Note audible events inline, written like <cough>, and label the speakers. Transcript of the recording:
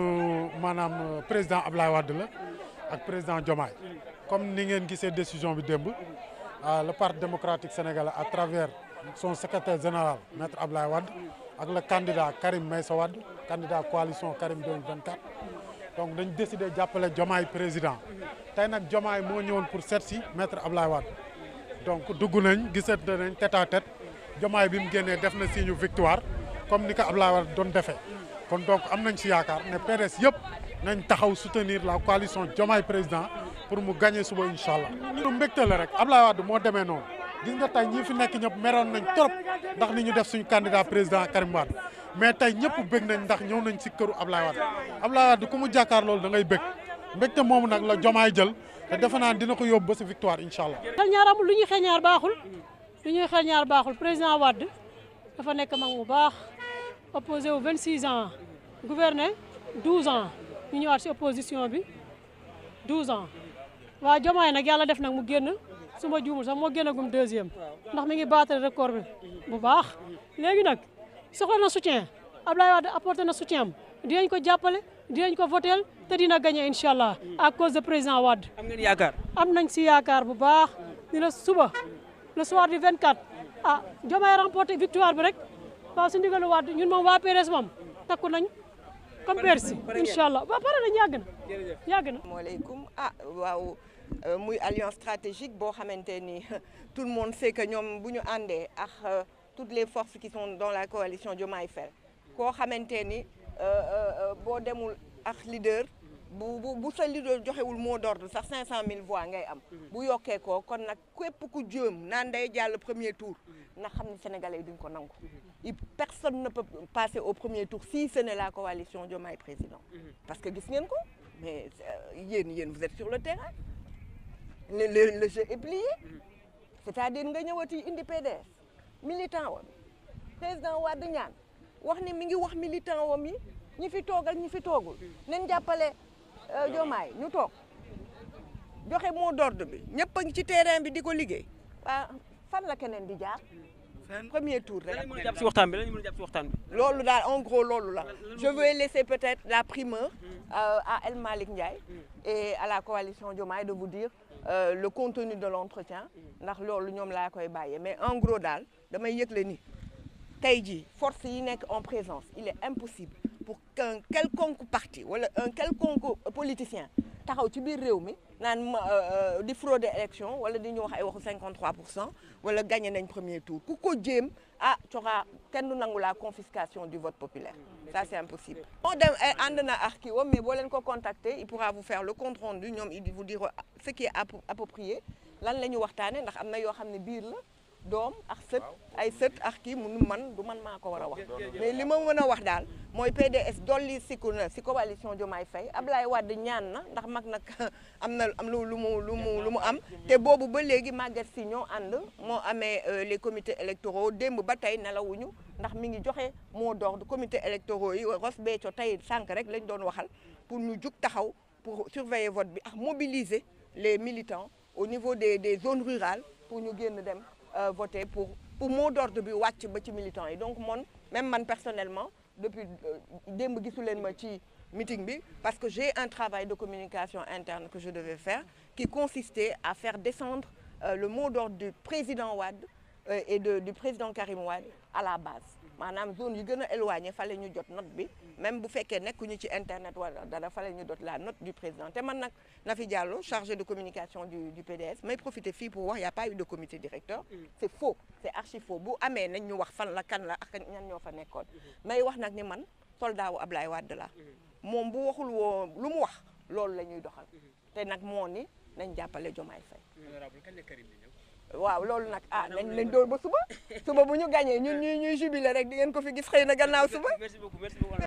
Speaker 1: Euh, maanaam euh, président Ablaye Wade la ak président Diomaye comme ni ngeen gisee décision bi démb euh, le parti démocratique sénégalais à travers son secrétaire général ab Ablaye Wade ak le candidat Karim Meïssa Wade candidat coalition Karim 2024 donc dañ décidé jàppale Diomaye président tey nag Diomaye moo ñëwoon pour seet si ab Ablaye Wade donc dugg nañ gisante nañ tête à bi mu génnee def na si signe victoire comme ni ko Ablaye Wade doon defee kon donc am nañ ci yaakaar ne PDS yëpp nañ taxaw soutenir la coalition Diomaye président pour mu gagner suba incha allah. lu mbégte la rek Ablaye Wade moo demee noonu gis nga tey ñi fi nekk ñëpp meroon nañ trop ndax ni ñu def suñu candidat président Karim Wade mais tey ñëpp bég nañ ndax ñëw nañ ci këru Ablaye Wade Ablaye Wade ku mu jàkkaar loolu da ngay bég mbégte moomu nag la Diomaye jël te defe naa dina ko yóbbu ba ci victoire incha allah.
Speaker 2: xel ñaar amul lu ñuy opposé wu 26 ans gouverner 12 ans ñu ñëwaat si opposition bi 12 ans waa Diomaye nag yàlla def nag mu génn su ma juumul sax moo génnagum deuxième ndax mi ngi baatale record bi bu baax léegi nag soxla na soutien Ablaye Wade apporté na soutien am dinañ ko jàppale dinañ ko voteel te dina gagné incha allah à cause de président Wade. am ngeen yaakaar am nañ si yaakaar bu baax dina suba le soir vingt 24 ah Diomaye remporté victoire bi rek. waaw su ndigalu waa ñun moom waa PRS moom takku nañ comme persi incha allah waaw pare nañ yàgg na yàgg na maaleykum ah waaw euh, muy alliance
Speaker 3: stratégique boo xamante ni <laughs> tout le monde sait que ñoom bu ñu àndee ak euh, toutes les forces qui son dans la coalition Diomaye Faye koo xamante ni euh, boo demul ak leader bu bu bu sa leader joxewul moo d'ordre sax cinq cent mille voix ngay am bu yokkee ko kon nag képp ku jëm naan day jàll premier tour na xam ni sénégalais duñ ko nangu et personne ne peut passer au premier tour si ce la coalition Diomaye président mhm. parce que gis ngeen ko mais euh, yéen yéen vous êtes sur le terrain le le, le jeu est plié mhm. c'est-à-dire nga ñëwati indi PDS militant wam président Wade ñaan wax ni mi ngi wax militant wam yi ñi fi toog ak ñi fi toogul mhm. nañ jàppale euh, Diomaye ñu toog joxe mot d'ordre bi ñëpp a ngi ci terrain bi di ko liggéey waa fan la keneen di jaar premier tour rek.
Speaker 2: lan la mën a a
Speaker 3: loolu daal en gros loolu la je vais laisser peut-être la primeur. Mm. Euh, à El Malick Ndiaye. Mm. et à la coalition Diomaye de vous dire euh, le contenu de l'entretien. Mm. ndax loolu ñoom laa koy bàyyee mais en gros daal damay le ni tey jii force yi nekk en présence il est impossible pour qu'un quelconque parti wala un quelconque politicien. taxaw ci biir réew mi naan euh, euh, di fraude élection wala di ñu wax ay waxu 53 pour cent wala gagné nañ premier tour ku ko jéem ah coxaa kenn du nangu la confiscation du vote populaire ça c'est impossible moo dem eh, ànd na ak ki wam mais boo leen ko contacter il pourra vous faire le compte rendu ñoom il vous dire ce qui est approprié lan la ñu waxtaane ndax am na yoo xam ne biir la doom ak sët ay sët ak kii mu man du man maa ko war a wax mais li ma mën a wax daal mooy PDS dolli sikku na si coalition Diomaye Faye Ablaye Wade ñaan na ndax mag nag <laughs> am na am lu mu lu mu lu mu am te boobu ba léegi Maguette si ñoo ànd moo amee euh, les comités électoraux démb ba tey nelawuñu ndax mi ngi joxe moo door du comité électoraux yi Ross Béthio tey sànq rek lañ doon waxal pour ñu jug taxaw pour surveiller vote bi ak mobiliser les militants au niveau des des zones rurales pour ñu génn dem euh, voter pour pour mot d'ordre bi wàcc ba ci militants yi donc moon même man personnellement depuis euh, démb gisu leen ma ci meeting bi parce que j'ai un travail de communication interne que je devais faire qui consistait à faire descendre euh, le mot d'ordre du président Wade Euh, et de du président Karim Wade à la base maanaam zone yu gën a éloigné fale ñu jot note bi même bu fekkee nekkuñu ci internet wala dara fale ñu jot la not du président te man nag Nafi Diallo chargé de communication du du PDS may profité fii pour wax y a pas eu de comité directeur mm. c'est faux c'est archi faux bu amee nañ ñu wax fan la kan la ak ñan ñoo fa nekkoon may wax nag ni man soldat wu Ablaye Wade la mm. moom bu waxul woo lu mu wax loolu la ñuy doxal mm. te nag moo ni nañ jàppale Diomaye Faye waaw loolu nag ah nañ nañ dóor ba suba <laughs> suba bu ñu gagné ñun ñuy ñuy jubilé rek di ngeen ko fi gis xëy na gannaaw suba.